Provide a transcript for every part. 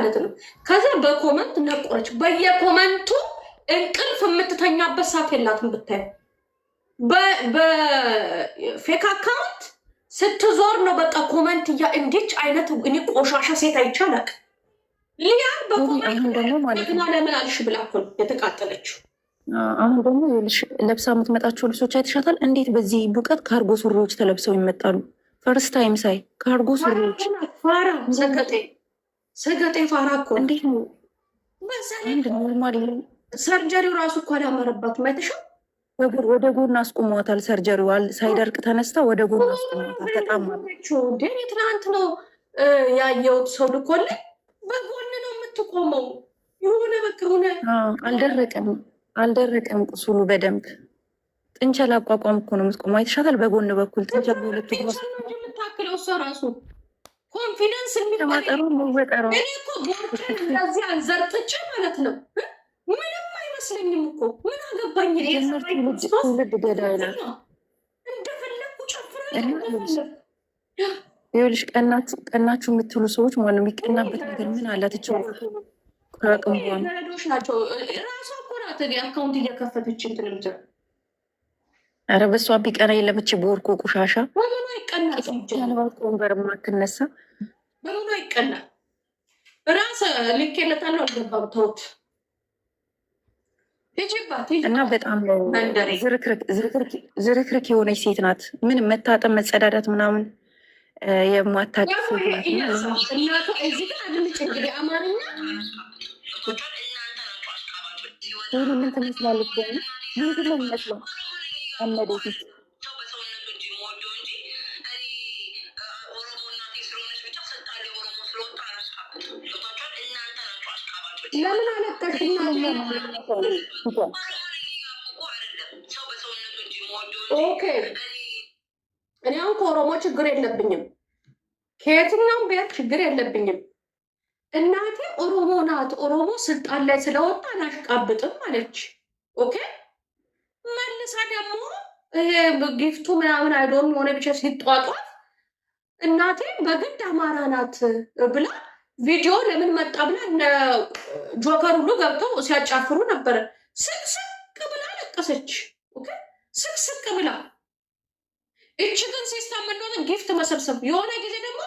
ማለት ነው። ከዛ በኮመንት ነቆረች። በየኮመንቱ እንቅልፍ የምትተኛበት ሳት የላትም ብታዩ። በፌክ አካውንት ስትዞር ነው በቃ ኮመንት እያ እንዲች አይነት እኔ ቆሻሻ ሴት አይቻላል። ሊያ በኮመንት ለምን አልሽ ብላ እኮ ነው የተቃጠለችው። አሁን ደግሞ ለብሳ የምትመጣቸው ልብሶች አይተሻታል? እንዴት በዚህ ቡቀት ካርጎ ሱሪዎች ተለብሰው ይመጣሉ? ፈርስት ታይም ሳይ ካርጎ ሱሪዎች ስጋ ፋራ እኮ እንዴት ነው? በዛ ሰርጀሪው ራሱ እኮ አላመረባት መተሻ ወደ ጎን አስቁመዋታል። ሰርጀሪው ሳይደርቅ ተነስታ ወደ ጎን አስቁመዋታል። በጣም ደኔ ትናንት ነው ያየሁት ሰው ልኮልኝ በጎን ነው የምትቆመው። የሆነ በቃ ሆነ አልደረቀም፣ አልደረቀም ቁስሉ በደንብ ጥንቸል አቋቋም እኮ ነው የምትቆመው። አይተሻታል? በጎን በኩል ጥንቸል ሁለት ታክለው እሷ ራሱ ኮንፊደንስ የሚጠሩ መወጠሩ እኔ እኮ ቦርጭን እንደዚህ አንዘርጥቼ ማለት ነው። ምንም አይመስለኝም እኮ ምን አገባኝ። ልብ ገዳይ ነው። እንደፈለግኩ ጨፍራ ይኸውልሽ፣ ቀናችሁ የምትሉ ሰዎች ማ የሚቀናበት ነገር ምን አላትቸው ቅምዶች ናቸው። ራሷ እኮ ናት አካውንት እያከፈተች እንትን ምትል። ኧረ በሷ ቢቀና የለምች ቦርኮ ቆሻሻ ይቀናል። ወንበር ማትነሳ በሙሉ ይቀናል። ራስ ልኬለታለሁ። አልገባም። ተውት። እና በጣም ዝርክርክ የሆነች ሴት ናት። ምን መታጠብ መጸዳዳት ምናምን የማታውቅ ምን ትመስላለች? ምንድነው የሚመስለው? ለምን አለቀሽ? ኦኬ እኔ አሁን ከኦሮሞ ችግር የለብኝም፣ ከየትኛውም ብሔር ችግር የለብኝም። እናቴ ኦሮሞ ናት። ኦሮሞ ስልጣን ላይ ስለወጣ አላሽቃብጥም አለች። ኦኬ መልሳ ደግሞ ይሄ ጊፍቱ ምናምን አይዶን የሆነ ብቻ ሲጧጧፍ እናቴ በግድ አማራ ናት ብላ ቪዲዮ ለምን መጣ ብላ ጆከር ሁሉ ገብተው ሲያጫፍሩ ነበረ። ስቅስቅ ብላ ለቀሰች። ስቅስቅ ብላ እች ግን ሲስተም እንደሆነ ጊፍት መሰብሰብ የሆነ ጊዜ ደግሞ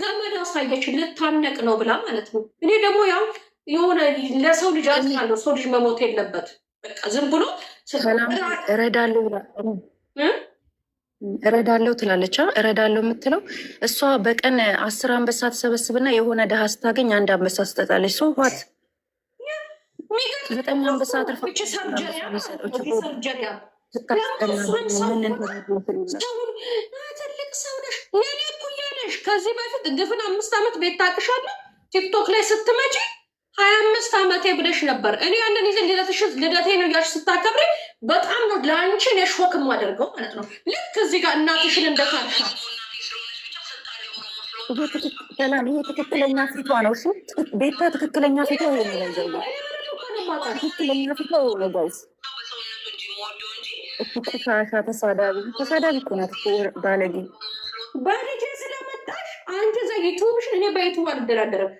ገመድ አሳየች ልታነቅ ነው ብላ ማለት ነው። እኔ ደግሞ ያው የሆነ ለሰው ልጅ አዝናለሁ። ሰው ልጅ መሞት የለበት። በቃ ዝም ብሎ ሰላም እረዳለው ትላለች። እረዳለው የምትለው እሷ በቀን አስር አንበሳ ትሰበስብና የሆነ ደሃ ስታገኝ አንድ አንበሳ ትሰጣለች። ሰው ኋት ዘጠኝ አንበሳ ትልቅ ሰው ነሽ፣ ለኔ እኩያ ነሽ። ከዚህ በፊት ግፍን አምስት ዓመት ቤት ታቅሻለሁ። ቲክቶክ ላይ ስትመጪ ሀያ አምስት ዓመቴ ብለሽ ነበር። እኔ ያንን ይዘን ልደቴ ነው እያልሽ ስታከብሬ በጣም ነው ለአንቺ እኔ ሾክ የማደርገው ማለት ነው። ልክ እዚህ ጋር እናትሽን እንደካልታ ይሄ ትክክለኛ ፊቷ ነው። እሺ ቤታ ትክክለኛ ፊቷ ይሄ ነው። ትክክለኛ ፊቷ ነው። ጋይስ ተሳዳቢ ተሳዳቢ እኮ ናት ባለጌ ዩቱብሽን እኔ በዩቱብ አልደራደረም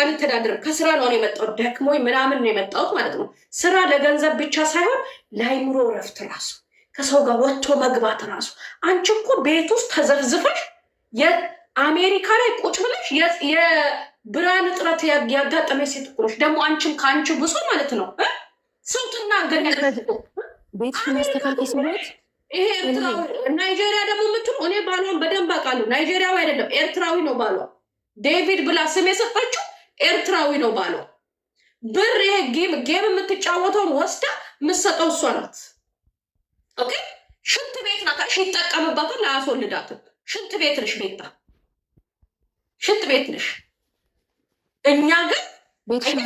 አልተዳደረም። ከስራ ነው የመጣው ደክሞኝ ምናምን ነው የመጣው ማለት ነው። ስራ ለገንዘብ ብቻ ሳይሆን ለአይምሮ እረፍት ራሱ ከሰው ጋር ወጥቶ መግባት ራሱ። አንቺ እኮ ቤት ውስጥ ተዘርዝፈሽ የአሜሪካ ላይ ቁጭ ብለሽ የብርሃን እጥረት ያጋጠመ ሴት እኮ ነሽ። ደግሞ አንቺም ከአንቺ ብሶ ማለት ነው ስንትና ገ ይሄ ኤርትራዊ ናይጄሪያ ደግሞ የምትሉ እኔ ባሏን በደንብ አውቃለሁ። ናይጄሪያዊ አይደለም ኤርትራዊ ነው ባሏ። ዴቪድ ብላ ስም የሰጠችው ኤርትራዊ ነው ባሏ። ብር ይሄ ጌም ጌም የምትጫወተውን ወስዳ የምትሰጠው እሷ ናት። ኦኬ ሽንት ቤት ናት። እሺ ይጠቀምባታል፣ አያስወልዳትም። ሽንት ቤት ነሽ ቤታ፣ ሽንት ቤት ነሽ። እኛ ግን ቤትሽን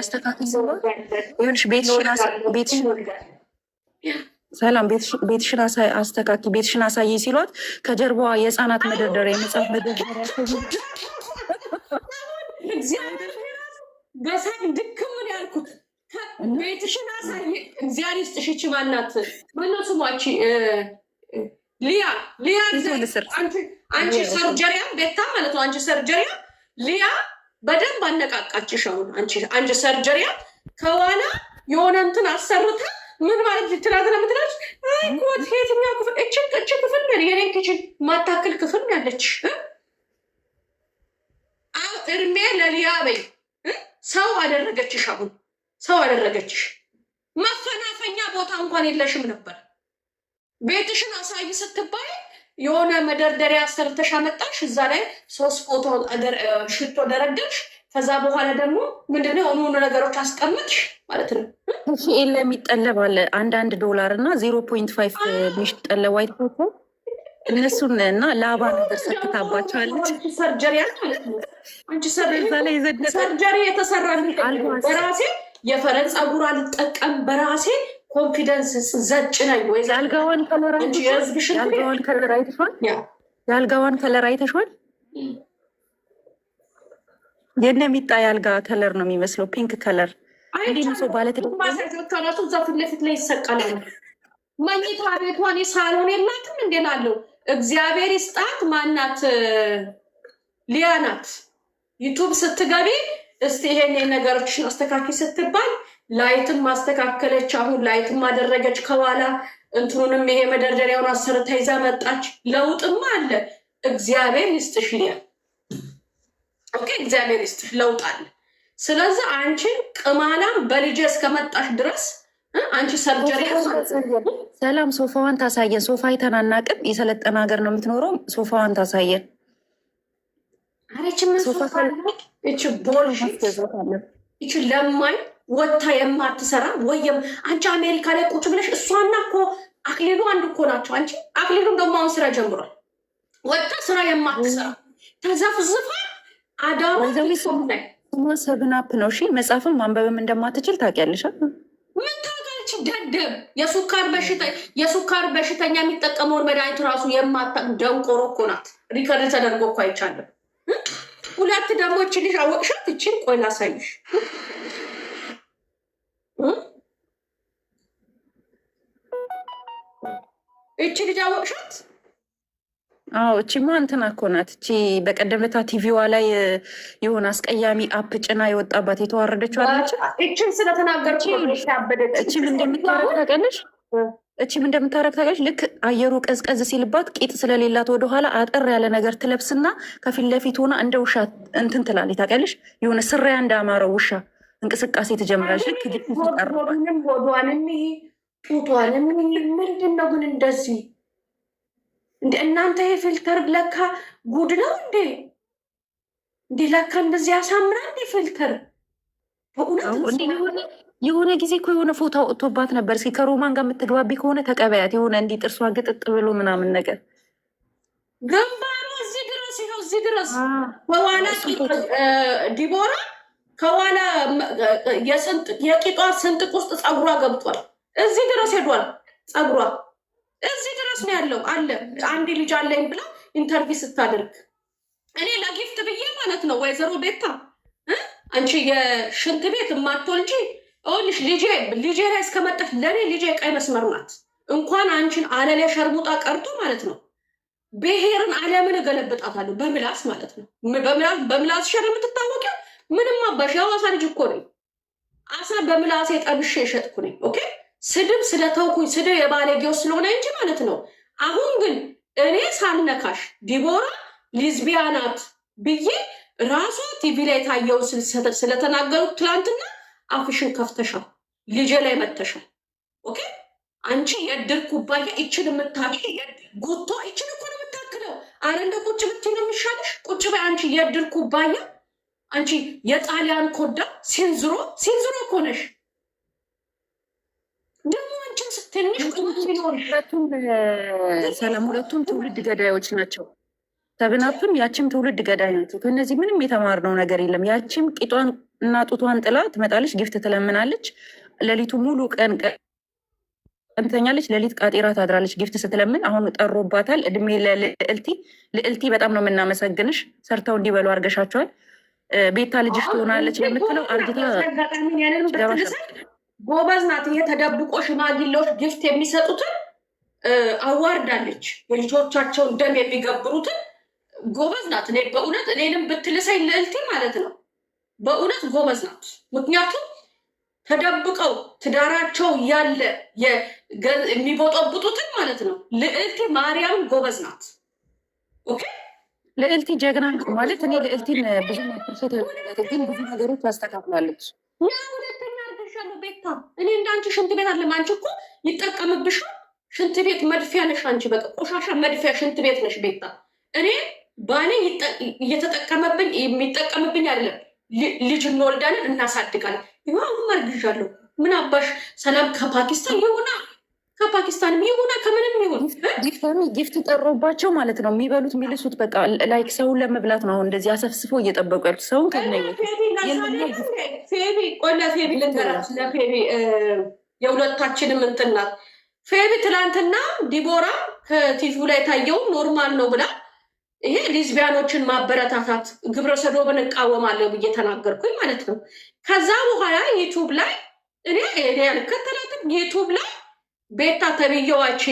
አስተካክል፣ ቤትሽን ሰላም ቤትሽን አስተካኪ፣ ቤትሽን አሳይ ሲሏት ከጀርባዋ የህፃናት መደርደሪያ የመጽሐፍ መደርደሪያ በሳል ድክም ያልኩት። ቤትሽን አሳይ እግዚአብሔር ይስጥሽ። ማናት ሊያ ሊያ፣ አንቺ ሰርጀሪያ ቤታ ማለት ነው። አንቺ ሰርጀሪያ ሊያ በደንብ አነቃቃችሽ። አሁን አንቺ ሰርጀሪያ ከዋና የሆነ እንትን አሰርታ ምን ማለት ትናንትና ምትላች ኮት የትኛው ክፍል እችን እችን ክፍል ነ የኔ ክችን ማታክል ክፍል ያለች እድሜ ለሊያ በይ ሰው አደረገችሽ። አሁን ሰው አደረገችሽ። መፈናፈኛ ቦታ እንኳን የለሽም ነበር። ቤትሽን አሳይ ስትባይ የሆነ መደርደሪያ ሰርተሽ አመጣሽ። እዛ ላይ ሶስት ፎቶ ሽቶ ደረገሽ። ከዛ በኋላ ደግሞ ምንድነው የሆኑ ሆኑ ነገሮች አስቀምጭ ማለት ነው። ሺኤል የሚጠለባለ አንድ አንድ ዶላር እና ዜሮ ፖይንት ፋይቭ የሚጠለብ ዋይት ፎቶ እነሱን እና ለአባ ነገር ሰክታባቸዋለች። ሰርጀሪ ማለት ሰርጀሪ የተሰራ በራሴ የፈረን ጸጉር አልጠቀም በራሴ ኮንፊደንስ ዘጭ ነኝ ወይ የአልጋዋን ከለር አይተሽዋል? የአልጋዋን ከለር አይተሽዋል? የእነ ሚጣ ያልጋ ከለር ነው የሚመስለው፣ ፒንክ ከለር ሰው ባለትዳማሳቶቻናቱ ለፊት ላይ ይሰቀላል። መኝታ ቤቷን የሳሎን የላትም እንዴናለው። እግዚአብሔር ይስጣት። ማናት ሊያናት ዩቱብ ስትገቢ እስቲ ይሄን ነገሮችን አስተካኪ ስትባል ላይትም ማስተካከለች። አሁን ላይትም አደረገች። ከኋላ እንትኑንም ይሄ መደርደሪያውን አሰርታ ይዛ መጣች። ለውጥም አለ። እግዚአብሔር ይስጥሽ ሊያ ኦኬ እግዚአብሔር ይስጥሽ ለውጥ አለ። ስለዚህ አንቺን ቅማና በልጅ እስከመጣሽ ድረስ አንቺ ሰርጀሪ ሰላም ሶፋዋን ታሳየን። ሶፋ አይተን አናውቅም። የሰለጠነ ሀገር ነው የምትኖረው። ሶፋዋን ታሳየን። ይች ቦልሽ ለማኝ ወታ የማትሰራ ወይም አንቺ አሜሪካ ላይ ቁጭ ብለሽ እሷና እኮ አክሊሉ አንድ እኮ ናቸው። አንቺ አክሊሉ ደግሞ አሁን ስራ ጀምሯል። ወታ ስራ የማትሰራ ተዘፍዝፋ አዳሩ ሰብናፕ ነው። እሺ መጽሐፍም ማንበብም እንደማትችል ታውቂያለሽ። ምን ታውቂያለሽ? ደደብ የሱካር በሽተኛ የሚጠቀመውን መድኃኒት ራሱ የማታ ደንቆሮ እኮ ናት። ሪከርድ ተደርጎ እኮ አይቻለም። ሁለት ደግሞ ችልሽ አወቅሻት? እችን ቆይ ላሳይሽ። እች ልጅ አወቅሻት? አዎ እቺማ እንትና እኮ ናት። እቺ በቀደም ለታ ቲቪዋ ላይ የሆነ አስቀያሚ አፕ ጭና የወጣባት የተዋረደችው አለች። እቺም ስለተናገርኩ እቺም እንደምታረግ ታውቂያለሽ። ልክ አየሩ ቀዝቀዝ ሲልባት ቂጥ ስለሌላት ወደኋላ አጠር ያለ ነገር ትለብስና ከፊት ለፊት ሆና እንደ ውሻ እንትን ትላለች። ታውቂያለሽ የሆነ ስሪያ እንዳማረው ውሻ እንቅስቃሴ ትጀምራለች። ልክ ግጥም ሆዷንም ጡቷንም ምንድን ነው ግን እንደዚህ እናንተ የፊልተር ለካ ጉድ ነው እንዴ! እንዲ ለካ እንደዚህ ያሳምራ እንዴ ፊልተር በእውነት የሆነ ጊዜ እኮ የሆነ ፎቶ ወጥቶባት ነበር። እስኪ ከሮማን ጋር የምትግባቢ ከሆነ ተቀበያት። የሆነ እንዲህ ጥርሷ ግጥጥ ብሎ ምናምን ነገር ግንባሩ እዚህ ድረስ ይኸው እዚህ ድረስ ከኋላ ዲቦራ ከኋላ የቂጧ ስንጥቅ ውስጥ ፀጉሯ ገብቷል። እዚህ ድረስ ሄዷል ፀጉሯ እዚህ ድረስ ነው ያለው። አለ አንድ ልጅ አለኝ ብላ ኢንተርቪው ስታደርግ እኔ ለጊፍት ብዬ ማለት ነው ወይዘሮ ቤታ አንቺ የሽንት ቤት የማትወልጂ ልጅ ልጄ ላይ እስከመጠፍ ለእኔ ልጄ ቀይ መስመር ናት። እንኳን አንቺን አለሌ ሸርሙጣ ቀርቶ ማለት ነው ብሔርን ዓለምን እገለብጣታለሁ በምላስ ማለት ነው። በምላስ ሸር የምትታወቂ ምንም አባሽ የሐዋሳ ልጅ እኮ ነኝ። አሳ በምላሴ ጠብሼ የሸጥኩ ነኝ። ኦኬ ስድብ ስለተውኩኝ ስድብ የባለጌው ስለሆነ እንጂ ማለት ነው። አሁን ግን እኔ ሳልነካሽ ዲቦራ ሊዝቢያናት ብዬ ራሱ ቲቪ ላይ የታየው ስለተናገሩት ትላንትና አፍሽን ከፍተሻል፣ ልጄ ላይ መተሻል። ኦኬ አንቺ የድር ኩባያ ይችን የምታክ ጉቶ ይችን እኮ ነው የምታክለው። አረ እንደ ቁጭ ብትይ ነው የሚሻለሽ። ቁጭ በይ አንቺ የድር ኩባያ፣ አንቺ የጣሊያን ኮዳ ሲንዝሮ ሲንዝሮ እኮ ነሽ። ትንሽ ሰላም ሁለቱም ትውልድ ገዳዮች ናቸው። ሰብናቱም ያችም ትውልድ ገዳይ ናቸው። ከነዚህ ምንም የተማርነው ነገር የለም። ያችም ቂጧን እና ጡቷን ጥላ ትመጣለች፣ ጊፍት ትለምናለች። ሌሊቱ ሙሉ ቀን ቀንተኛለች፣ ሌሊት ቃጤራ ታድራለች ጊፍት ስትለምን። አሁን ጠሮባታል። እድሜ ለልዕልቲ። ልዕልቲ በጣም ነው የምናመሰግንሽ። ሰርተው እንዲበሉ አድርገሻቸዋል። ቤታ ልጅሽ ትሆናለች ለምትለው አርጅታ ጎበዝ ናት። ይሄ ተደብቆ ሽማግሌዎች ጊፍት የሚሰጡትን አዋርዳለች። የልጆቻቸውን ደም የሚገብሩትን ጎበዝ ናት። እኔ በእውነት እኔንም ብትልሰኝ ልዕልቴ ማለት ነው። በእውነት ጎበዝ ናት። ምክንያቱም ተደብቀው ትዳራቸው ያለ የሚቦጠብጡትን ማለት ነው። ልዕልቴ ማርያም ጎበዝ ናት። ኦኬ ልዕልቲ ጀግና ማለት እኔ ልዕልቲን ብዙ ግን ብዙ ነገሮች ታስተካክላለች። ያለው ቤታ፣ እኔ እንዳንቺ ሽንት ቤት አለም። አንቺ እኮ ይጠቀምብሻል። ሽንት ቤት መድፊያ ነሽ አንቺ። በቃ ቆሻሻ መድፊያ ሽንት ቤት ነሽ ቤታ። እኔ ባሌ እየተጠቀመብኝ የሚጠቀምብኝ አይደለም። ልጅ እንወልዳለን፣ እናሳድጋለን። ይኸው አሁን መርግዣለሁ። ምን አባሽ ሰላም ከፓኪስታን ይሆናል ከፓኪስታንም ይሁን ከምንም ይሁን ጊፍት ጠሮባቸው ማለት ነው የሚበሉት የሚልሱት፣ በቃ ላይክ ሰውን ለመብላት ነው። አሁን እንደዚህ አሰፍስፎ እየጠበቁ ያሉት ሰውን ከነፌቢ ቆለ ፌቢ ልንገራች ለፌቢ የሁለታችንም እንትን ናት ፌቢ። ትናንትና ዲቦራ ከቲቪ ላይ ታየው ኖርማል ነው ብላ ይሄ ሊዝቢያኖችን ማበረታታት ግብረ ሰዶምን እቃወማለሁ ብዬ ተናገርኩኝ ማለት ነው። ከዛ በኋላ ዩቱብ ላይ እኔ ያልከተላትም ዩቱብ ላይ ቤታ ተብየዋች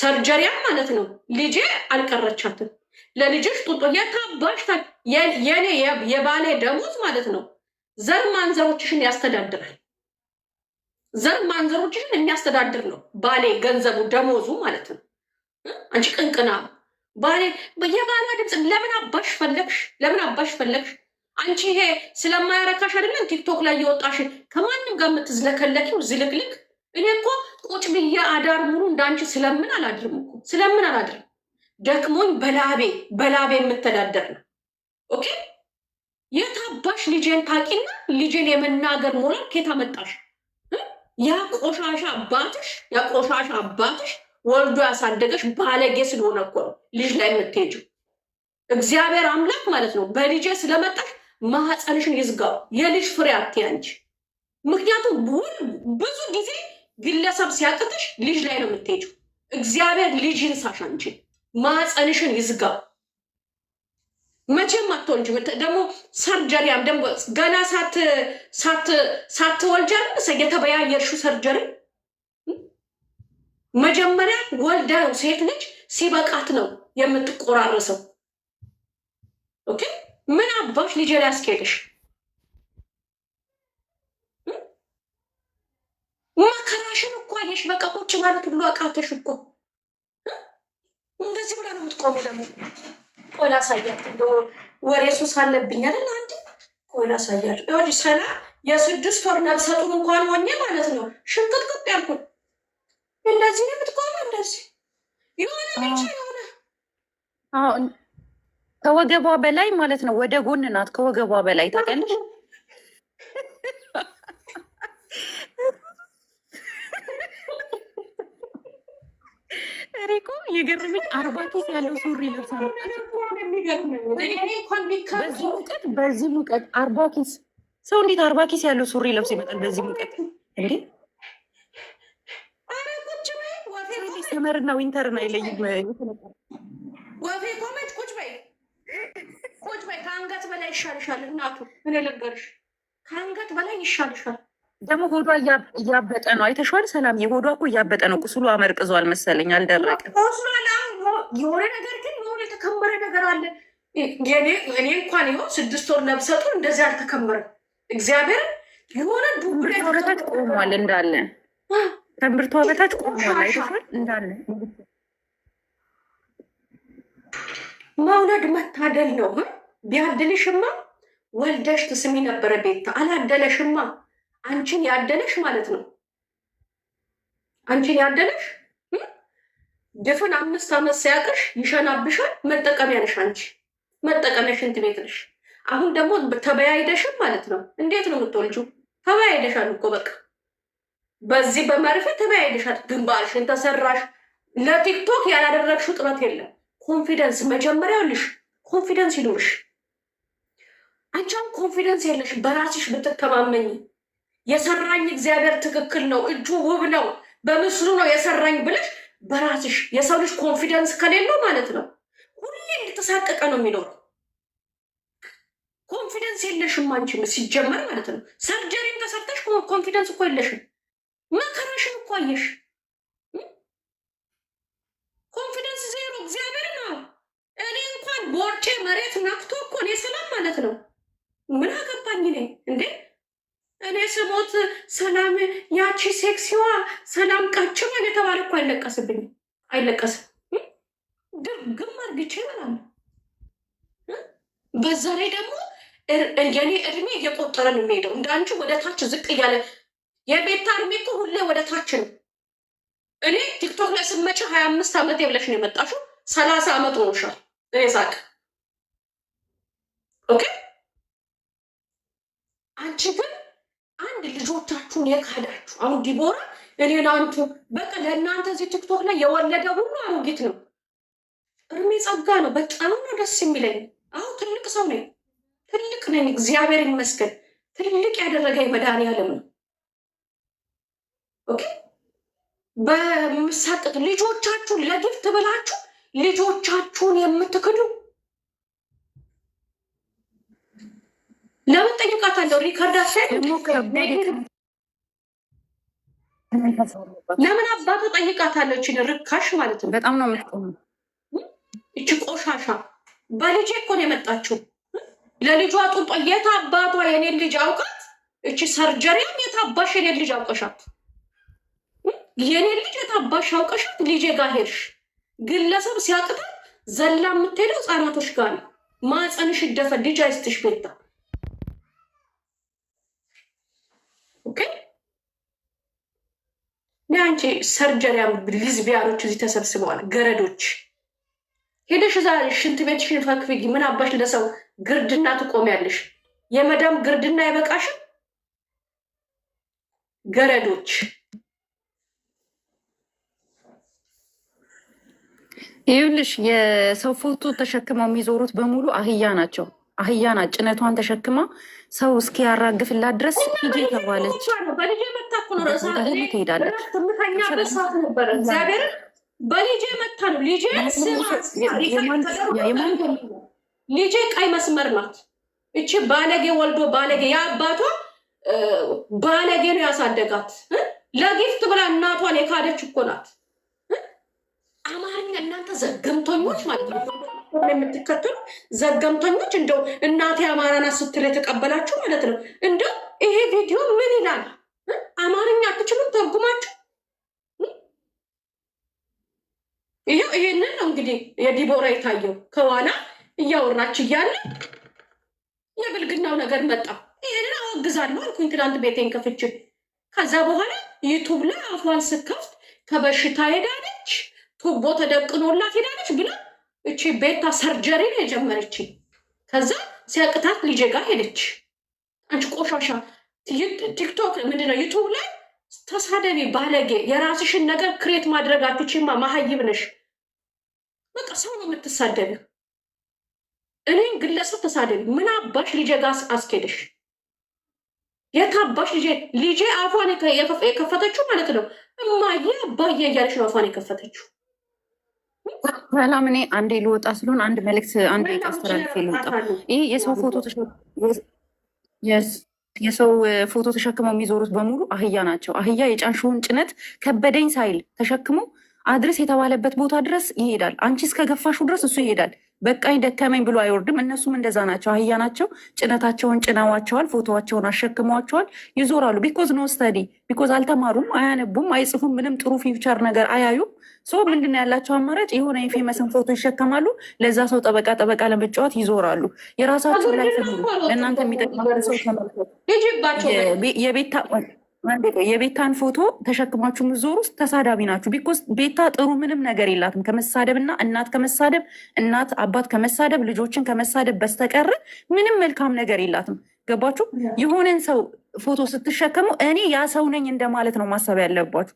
ሰርጀሪያ ማለት ነው። ልጄ አልቀረቻትም። ለልጅሽ ጡጦ የታባሽታ የኔ የባሌ ደሞዝ ማለት ነው። ዘር ማንዘሮችሽን ያስተዳድራል። ዘር ማንዘሮችሽን የሚያስተዳድር ነው ባሌ፣ ገንዘቡ ደሞዙ ማለት ነው። አንቺ ቅንቅና ባሌ የባሏ ድምፅ ለምን አባሽ ፈለግሽ? ለምን አባሽ ፈለግሽ? አንቺ ይሄ ስለማያረካሽ አይደለም ቲክቶክ ላይ የወጣሽ ከማንም ጋር የምትዝለከለኪው ዝልቅልቅ እኔ እኮ ቁጭ ብዬ አዳር ሙሉ እንዳንቺ ስለምን አላድርም እኮ ስለምን አላድርም። ደክሞኝ በላቤ በላቤ የምተዳደር ነው። ኦኬ የታባሽ ልጄን ታቂና ልጄን የመናገር ሞራል ኬታ መጣሽ? ያ ቆሻሻ አባትሽ ያ ቆሻሻ አባትሽ ወልዶ ያሳደገሽ ባለጌ ስለሆነ እኮ ነው ልጅ ላይ የምትሄጂው። እግዚአብሔር አምላክ ማለት ነው በልጄ ስለመጣሽ ማህፀንሽን ይዝጋው። የልጅ ፍሬ አትያንች። ምክንያቱም ብዙ ጊዜ ግለሰብ ሲያቅትሽ ልጅ ላይ ነው የምትሄጂው። እግዚአብሔር ልጅ ይንሳሽ፣ አንቺን ማፀንሽን ይዝጋው። መቼም አትወልጅ። ደግሞ ሰርጀሪያም ደግሞ ገና ሳትወልጃል የተበያየርሽው ሰርጀሪ መጀመሪያ ወልዳ ነው። ሴት ልጅ ሲበቃት ነው የምትቆራረሰው። ኦኬ ምን አባሽ ልጅ ላይ አስኬድሽ መከራሽን እኮ ይሄሽ በቃ ቁጭ ማለት ብሎ አቃተሽ እኮ እንደዚህ ብላ ነው የምትቆሙ። ደግሞ ቆይ ላሳያት፣ ወሬ ሱስ አለብኝ አይደል? አንድ ቆይ ላሳያት። ሰላ የስድስት ወር ነብሰጡ እንኳን ሆኜ ማለት ነው ሽንቅጥቅጥ ያልኩት እንደዚህ ነው የምትቆመው። እንደዚህ የሆነ ብቻ የሆነ ከወገቧ በላይ ማለት ነው፣ ወደ ጎን ናት፣ ከወገቧ በላይ ታውቂያለሽ ዛሬ እኮ የገረመኝ አርባ ኪስ ያለው ሱሪ ለብሳ በዚህ ሙቀት አርባ ኪስ ሰው እንዴት አርባ ኪስ ያለው ሱሪ ለብሶ ይመጣል? በዚህ ሙቀት እንዴ! ሰመርና ዊንተርን አይለይም። ወፌ ቆመች። ቁጭ በይ ቁጭ በይ። ከአንገት በላይ ይሻልሻል እናቱ። ምን ልንገርሽ፣ ከአንገት በላይ ይሻልሻል። ደግሞ ሆዷ እያበጠ ነው። አይተሽዋል ሰላም? የሆዷ እኮ እያበጠ ነው። ቁስሉ አመርቅዟል መሰለኝ፣ አልደረቀ የሆነ ነገር ግን የሆነ የተከመረ ነገር አለ። እኔ እንኳን ይሆን ስድስት ወር ለብሰቱ እንደዚህ አልተከመረም። እግዚአብሔር የሆነ ከምብርቷ ቆሟል እንዳለ፣ ከምብርቷ በታች ቆሟል። አይተሽዋል እንዳለ። መውለድ መታደል ነው። ቢያድልሽማ ወልደሽ ትስሚ ነበረ ቤት አላደለሽማ አንቺን ያደለሽ ማለት ነው። አንቺን ያደለሽ ድፍን አምስት ዓመት ሲያቅሽ ይሸናብሻል። መጠቀሚያ ነሽ አንቺ መጠቀሚያ ሽንት ቤት ነሽ። አሁን ደግሞ ተበያይደሽም ማለት ነው። እንዴት ነው የምትወልጂው? ተበያይደሻል እኮ በቃ በዚህ በመርፌ ተበያይደሻል። ግንባርሽን ተሰራሽ። ለቲክቶክ ያላደረግሽው ጥረት የለም። ኮንፊደንስ መጀመሪያ ልሽ ኮንፊደንስ ይኖርሽ። አንቺም ኮንፊደንስ የለሽ። በራስሽ ብትተማመኝ የሰራኝ እግዚአብሔር ትክክል ነው፣ እጁ ውብ ነው፣ በምስሉ ነው የሰራኝ ብለሽ በራስሽ የሰው ልጅ ኮንፊደንስ ከሌለው ማለት ነው ሁሌ እንደተሳቀቀ ነው የሚኖር። ኮንፊደንስ የለሽም አንቺም ሲጀመር ማለት ነው። ሰርጀሪም ተሰርተሽ ኮንፊደንስ እኮ የለሽም። መከራሽን እኮ አየሽ። ኮንፊደንስ ዜሮ። እግዚአብሔር ነው። እኔ እንኳን ቦርጬ መሬት ነክቶ እኮ እኔ ሰላም ማለት ነው ምን አገባኝ እኔ እንዴ እኔ ስሞት ሰላም ያቺ ሴክሲዋ ሰላም ቃቸው ያን የተባለ እኮ አይለቀስብኝ አይለቀስም። ግም አርግቼ ይበላል። በዛ ላይ ደግሞ የኔ እድሜ እየቆጠረ ነው የሚሄደው። እንደ አንቺ ወደ ታች ዝቅ እያለ የቤታ እድሜ እኮ ሁሌ ወደ ታች ነው። እኔ ቲክቶክ ላይ ስመጭ ሀያ አምስት ዓመት የብለሽ ነው የመጣሽው። ሰላሳ ዓመት ሆኖሻል። እኔ ሳቅ ኦኬ ራሳችሁን የካዳችሁ አሁን ዲቦራ እኔን አንቱ በቃ ለእናንተ እዚህ ቲክቶክ ላይ የወለደ ሁሉ አሮጊት ነው። እርሜ ጸጋ ነው። በጣም ነው ደስ የሚለኝ። አሁን ትልቅ ሰው ነኝ፣ ትልቅ ነኝ። እግዚአብሔር ይመስገን። ትልቅ ያደረገኝ መድኃኒዓለም ነው። ኦኬ በምሳቀቅ ልጆቻችሁን ለጊፍት ብላችሁ ልጆቻችሁን የምትክዱ ለምን ጠይቃታለሁ ሪከርዳ ለምን አባቱ ጠይቃታለሁ? ይችን ርካሽ ማለት ነው። በጣም ነው እች ቆሻሻ በልጄ እኮ ነው የመጣችው። ለልጇ ጡጦ የት አባቷ የኔን ልጅ አውቃት። እች ሰርጀሪያም የት አባሽ የኔን ልጅ አውቀሻት? የኔን ልጅ የት አባሽ አውቀሻት? ልጄ ጋር ሄድሽ። ግለሰብ ሲያቅታል ዘላ የምትሄደው ህጻናቶች ጋር ነው። ማፀንሽ ይደፈን ልጅ አይስትሽ ቤታ ኦኬ ያንቺ ሰርጀሪ ሊዝቢያኖች እዚህ ተሰብስበዋል፣ ገረዶች ሄደሽ እዛ ሽንት ቤት ፈክፍጊ። ምን አባሽ ለሰው ግርድና ትቆሚያለሽ? የመዳም ግርድና አይበቃሽም? ገረዶች ይኸውልሽ፣ የሰው ፎቶ ተሸክመው የሚዞሩት በሙሉ አህያ ናቸው። አህያ ናት። ጭነቷን ተሸክማ ሰው እስኪያራግፍላት ድረስ ሂጂ ተባለች። ትሄዳለች። ልጄ ቀይ መስመር ናት። እቺ ባለጌ ወልዶ ባለጌ የአባቷ ባለጌ ነው ያሳደጋት። ለጊፍት ብላ እናቷን የካደች እኮ ናት። አማርኛ እናንተ ዘገምቶኞች ማለት ነው። የምትከተሉ ዘገምተኞች እንደው እናቴ አማራና ስትል የተቀበላችሁ ማለት ነው። እንደ ይሄ ቪዲዮ ምን ይላል? አማርኛ አትችሉም ተርጉማችሁ? ይሄ ይሄንን ነው እንግዲህ የዲቦራ የታየው ከኋላ እያወራች እያለ የብልግናው ነገር መጣ። ይሄንን አወግዛለሁ አልኩኝ ትናንት ቤቴን ከፍቼ። ከዛ በኋላ ዩቱብ ላይ አፏን ስከፍት ከበሽታ ሄዳለች፣ ቱቦ ተደቅኖላት ሄዳለች ብላ እቺ ቤታ ሰርጀሪ ነው የጀመረች። ከዛ ሲያቅታት ልጄ ጋር ሄደች። አንቺ ቆሻሻ ቲክቶክ ምንድነው ዩቱብ ላይ ተሳደቢ ባለጌ፣ የራስሽን ነገር ክሬት ማድረግ ቺማ መሀይብ ነሽ። በቃ ሰው ነው የምትሳደቢው። እኔን ግለሰብ ተሳደቢ ምን አባሽ ልጄ ጋር አስኬደሽ? የት አባሽ ልጄ ልጄ አፏን የከፈተችው ማለት ነው እማዬ አባዬ እያለች ነው አፏን የከፈተችው። ሰላም፣ እኔ አንዴ ልወጣ ስለሆን አንድ መልእክት አንድ አስተላልፌ ልወጣ። ይህ የሰው ፎቶ የሰው ፎቶ ተሸክመው የሚዞሩት በሙሉ አህያ ናቸው። አህያ የጫንሽውን ጭነት ከበደኝ ሳይል ተሸክሞ አድርስ የተባለበት ቦታ ድረስ ይሄዳል። አንቺ እስከገፋሹ ድረስ እሱ ይሄዳል። በቃኝ ደከመኝ ብሎ አይወርድም። እነሱም እንደዛ ናቸው፣ አህያ ናቸው። ጭነታቸውን ጭነዋቸዋል፣ ፎቶዋቸውን አሸክመዋቸዋል፣ ይዞራሉ። ቢኮዝ ኖ ስተዲ ቢኮዝ አልተማሩም፣ አያነቡም፣ አይጽፉም፣ ምንም ጥሩ ፊውቸር ነገር አያዩም። ሰው ምንድን ያላቸው አማራጭ የሆነ የፌመስን ፎቶ ይሸከማሉ። ለዛ ሰው ጠበቃ ጠበቃ ለመጫወት ይዞራሉ። የራሳቸው ላይ ለእናንተ የቤታን ፎቶ ተሸክማችሁ ምዞሩ ውስጥ ተሳዳቢ ናችሁ። ቢኮስ ቤታ ጥሩ ምንም ነገር የላትም ከመሳደብ እና እናት ከመሳደብ እናት አባት ከመሳደብ ልጆችን ከመሳደብ በስተቀር ምንም መልካም ነገር የላትም። ገባችሁ? የሆነን ሰው ፎቶ ስትሸከሙ እኔ ያ ሰው ነኝ እንደማለት ነው ማሰብ ያለባችሁ።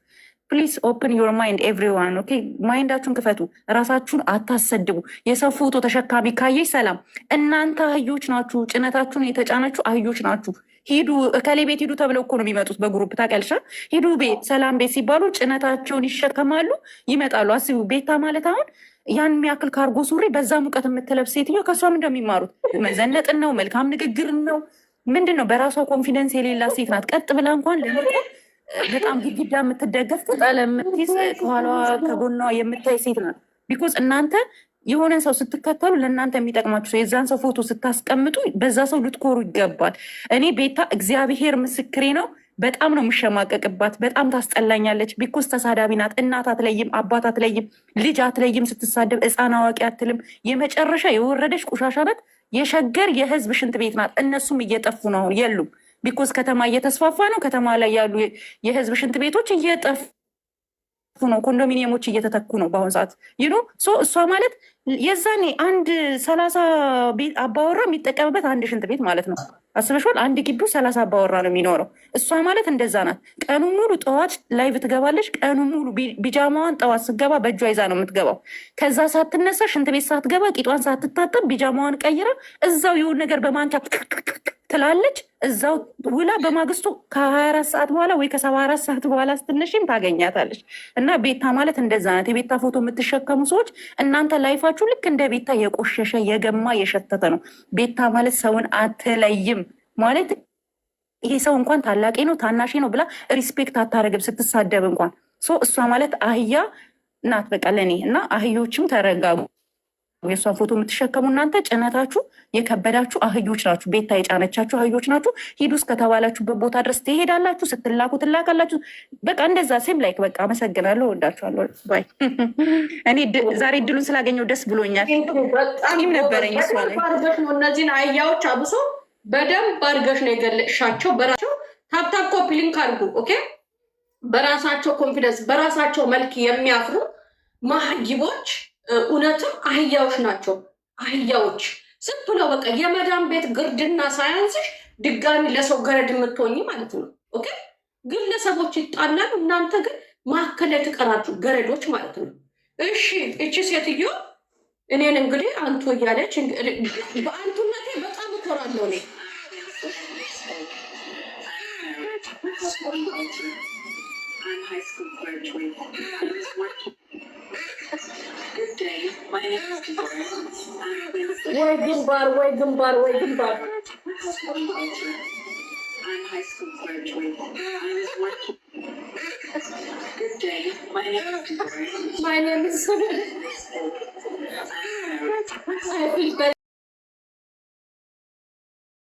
ፕሊስ ኦፕን ዩር ማይንድ ኤቭሪዋን ኦኬ፣ ማይንዳችሁን ክፈቱ። ራሳችሁን አታሰድቡ። የሰው ፎቶ ተሸካሚ ካየች ሰላም። እናንተ አህዮች ናችሁ፣ ጭነታችሁን የተጫናችሁ አህዮች ናችሁ። ሂዱ እከሌ ቤት ሂዱ ተብለው እኮ ነው የሚመጡት በግሩፕ ታውቂያለሽ። ሂዱ ቤት ሰላም ቤት ሲባሉ ጭነታቸውን ይሸከማሉ፣ ይመጣሉ። አስቡ። ቤታ ማለት አሁን ያን የሚያክል ካርጎ ሱሪ በዛ ሙቀት የምትለብስ ሴትዮ ከእሷም ምንድን የሚማሩት? መዘነጥን ነው፣ መልካም ንግግርን ነው፣ ምንድን ነው? በራሷ ኮንፊደንስ የሌላ ሴት ናት። ቀጥ ብላ እንኳን ለመ በጣም ግድግዳ የምትደገፍ ቅጠል የምትይዝ ከኋላ ከጎኗ የምታይ ሴት ናት። ቢኮዝ እናንተ የሆነን ሰው ስትከተሉ ለእናንተ የሚጠቅማችሁ ሰው የዛን ሰው ፎቶ ስታስቀምጡ በዛ ሰው ልትኮሩ ይገባል። እኔ ቤታ እግዚአብሔር ምስክሬ ነው። በጣም ነው የምሸማቀቅባት። በጣም ታስጠላኛለች። ቢኮስ ተሳዳቢ ናት። እናት አትለይም፣ አባት አትለይም፣ ልጅ አትለይም። ስትሳደብ ሕፃን አዋቂ አትልም። የመጨረሻ የወረደች ቆሻሻ ናት። የሸገር የህዝብ ሽንት ቤት ናት። እነሱም እየጠፉ ነው አሁን የሉም። ቢኮዝ ከተማ እየተስፋፋ ነው። ከተማ ላይ ያሉ የህዝብ ሽንት ቤቶች እየጠፉ ነው። ኮንዶሚኒየሞች እየተተኩ ነው በአሁኑ ሰዓት ይኖ እሷ ማለት የዛኔ አንድ ሰላሳ አባወራ የሚጠቀምበት አንድ ሽንት ቤት ማለት ነው። አስበሽል አንድ ግቢው ሰላሳ አባወራ ነው የሚኖረው። እሷ ማለት እንደዛ ናት። ቀኑ ሙሉ ጠዋት ላይቭ ትገባለች። ቀኑ ሙሉ ቢጃማዋን ጠዋት ስትገባ በእጇ ይዛ ነው የምትገባው። ከዛ ሳትነሳ ሽንት ቤት ሳትገባ ቂጧን ሳትታጠብ ቢጃማዋን ቀይራ እዛው የሆን ነገር በማንኪያ ትላለች። እዛው ውላ በማግስቱ ከ24 ሰዓት በኋላ ወይ ከ74 ሰዓት በኋላ ስትነሽም ታገኛታለች። እና ቤታ ማለት እንደዛ ናት። የቤታ ፎቶ የምትሸከሙ ሰዎች እናንተ ላይፋችሁ ልክ እንደ ቤታ የቆሸሸ የገማ የሸተተ ነው። ቤታ ማለት ሰውን አትለይም ማለት ይሄ ሰው እንኳን ታላቄ ነው ታናሼ ነው ብላ ሪስፔክት አታረግም ስትሳደብ እንኳን እሷ ማለት አህያ ናት በቃ ለእኔ እና አህዮችም ተረጋጉ። የእሷን ፎቶ የምትሸከሙ እናንተ ጭነታችሁ የከበዳችሁ አህዮች ናችሁ። ቤታ የጫነቻችሁ አህዮች ናችሁ። ሂዱ እስከተባላችሁበት ቦታ ድረስ ትሄዳላችሁ። ስትላኩ ትላካላችሁ። በቃ እንደዛ ሴም ላይክ በቃ አመሰግናለሁ፣ ወዳችኋለሁ። ባይ እኔ ዛሬ እድሉን ስላገኘው ደስ ብሎኛል። ም ነበረኝ ነው እነዚህን አህያዎች አብሶ በደንብ አድርገሽ ነው የገለሻቸው። በራቸው ታፕታፕ ኮፒ ሊንክ አድርጉ። ኦኬ በራሳቸው ኮንፊደንስ በራሳቸው መልክ የሚያፍሩ ማህጊቦች እውነትም አህያዎች ናቸው። አህያዎች ዝም ብለው በቃ የመዳም ቤት ግርድና ሳያንስሽ ድጋሚ ለሰው ገረድ የምትሆኝ ማለት ነው። ኦኬ ግለሰቦች ይጣላሉ። እናንተ ግን መካከል ላይ የተቀራችሁ ገረዶች ማለት ነው። እሺ እቺ ሴትዮ እኔን እንግዲህ አንቱ እያለች በአንቱነቴ በጣም እኮራለሁ እኔ Wait, Gimba, wait, Gimba, wait, Gimba. I'm a Good day. My name is My name is I think that